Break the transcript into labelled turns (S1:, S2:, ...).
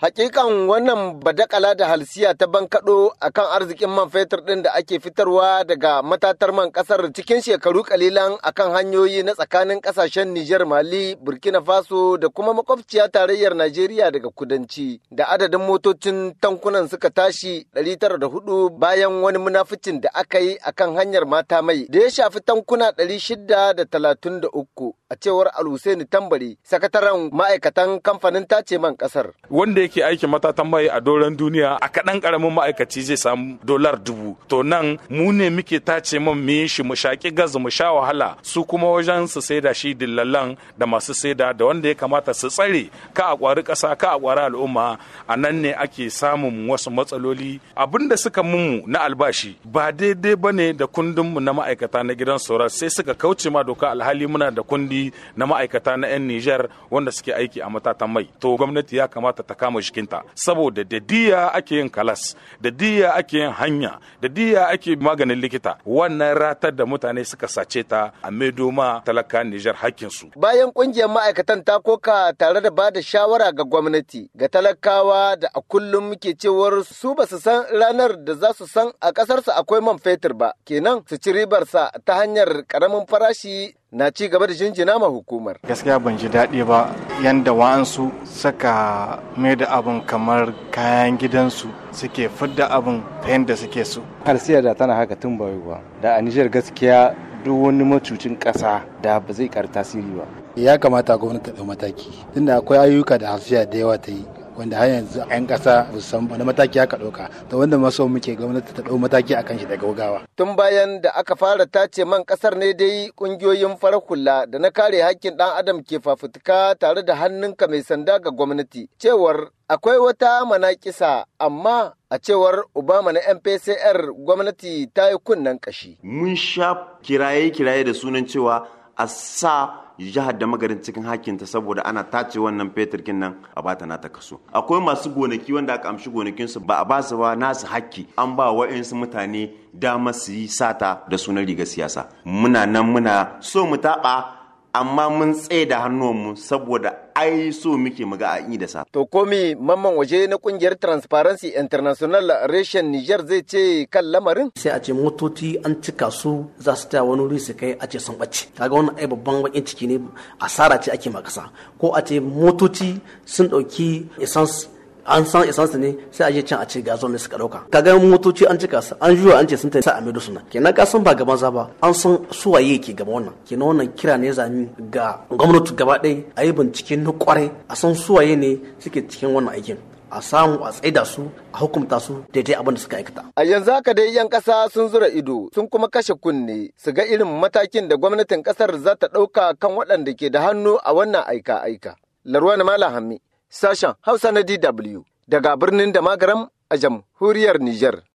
S1: Hakikan wannan badakala da halsiya ta bankaɗo a kan arzikin man fetur ɗin da ake fitarwa daga matatar man ƙasar cikin shekaru kalilan akan hanyoyi na tsakanin ƙasashen Nijar Mali, Burkina Faso da kuma makwabciya tarayyar Najeriya daga kudanci. Da adadin motocin tankunan suka tashi 904 bayan wani munaficin da aka yi akan hanyar mata mai da ya shafi tankuna 633 a cewar Alhusaini Tambari, sakataren ma'aikatan kamfanin tace man ƙasar.
S2: Wanda yake aikin matatan mai a doron duniya a kaɗan ƙaramin ma'aikaci zai samu dolar dubu to nan mu ne muke tace man yi shi mu shaƙi gas mu sha wahala su kuma wajen su saida shi dillallan da masu saida da wanda ya kamata su tsare ka a ƙwari ƙasa ka a ƙwari al'umma a nan ne ake samun wasu matsaloli abin da suka mumu na albashi ba daidai ba ne da kundinmu na ma'aikata na gidan sauran sai suka kauce ma doka alhali muna da kundi na ma'aikata na 'yan Nijar wanda suke aiki a matatan mai to gwamnati ya kamata ta kama kama jikinta saboda da diya ake yin kalas da diya ake yin hanya da diya ake maganin likita wannan ratar da mutane suka sace ta a medoma talaka Nijar hakkinsu.
S1: Bayan kungiyar ma'aikatan ta koka tare da ba da shawara ga gwamnati ga talakawa da a kullum muke cewar su ba su san ranar da za su san a ƙasarsu akwai man fetur ba kenan su ci ribarsa ta hanyar karamin farashi na ci gaba da jinjina ma hukumar. Gaskiya ban ji daɗi ba yadda wa'ansu suka mai da abin kamar kayan gidansu suke fidda abin ta yadda suke so. Harsiya da tana haka tun ba da a Nijar gaskiya duk wani macucin ƙasa da ba zai ƙara tasiri ba. Ya kamata gwamnati ta mataki tunda akwai ayyuka da harsiya da yawa ta yi wanda har yanzu 'yan kasa ba san wani mataki aka ɗauka to wanda maso muke gwamnati ta ɗau mataki akan shi daga gaugawa. tun bayan da aka fara tace man ƙasar ne dai ƙungiyoyin farar hula da na kare hakkin ɗan adam ke fafutuka tare da hannunka mai sanda ga gwamnati cewar akwai wata manakisa amma a cewar obama na mpcr gwamnati ta yi kunnen kashi
S3: mun sha kiraye-kiraye da sunan cewa a sa jihar da magarin cikin hakinta saboda ana tace wannan fetur kin nan a bata nata kaso akwai masu gonaki wanda aka amshi gonakinsu ba a ba basu ba nasu hakki an ba wa'insu mutane dama su yi sata da sunan riga siyasa muna nan muna so mu taɓa amma mun tsaye da mu saboda ai so muke muga a da sa. To
S1: komi mamman waje na kungiyar Transparency International reshen Niger
S4: zai ce kan lamarin? Sai a ce motoci an cika su za su taya wani wuri su kai a ce sun ɓace. Kaga wannan ai babban bakin ciki ne asara ce ake makasa. Ko a ce motoci sun ɗauki essence an san isansu ne sai a yi can a ce ga ne suka dauka kaga motoci an cika su an juya an ce sun tafi sa a mai suna kenan ka san ba gaban za ba an san suwaye ke gaba wannan kenan wannan kira ne zami ga gwamnati gaba ɗaya a yi bincike na kwarai a san suwaye ne suke cikin wannan aikin a samu a tsaida su a hukumta su daidai abin da suka aikata.
S1: A yanzu haka dai 'yan kasa sun zura ido sun kuma kashe kunne su ga irin matakin da gwamnatin kasar za ta ɗauka kan waɗanda ke da hannu a wannan aika-aika. laruwa na Malam Hammi. sashen Hausa na DW daga birnin Damagaram a jamhuriyar Nijar.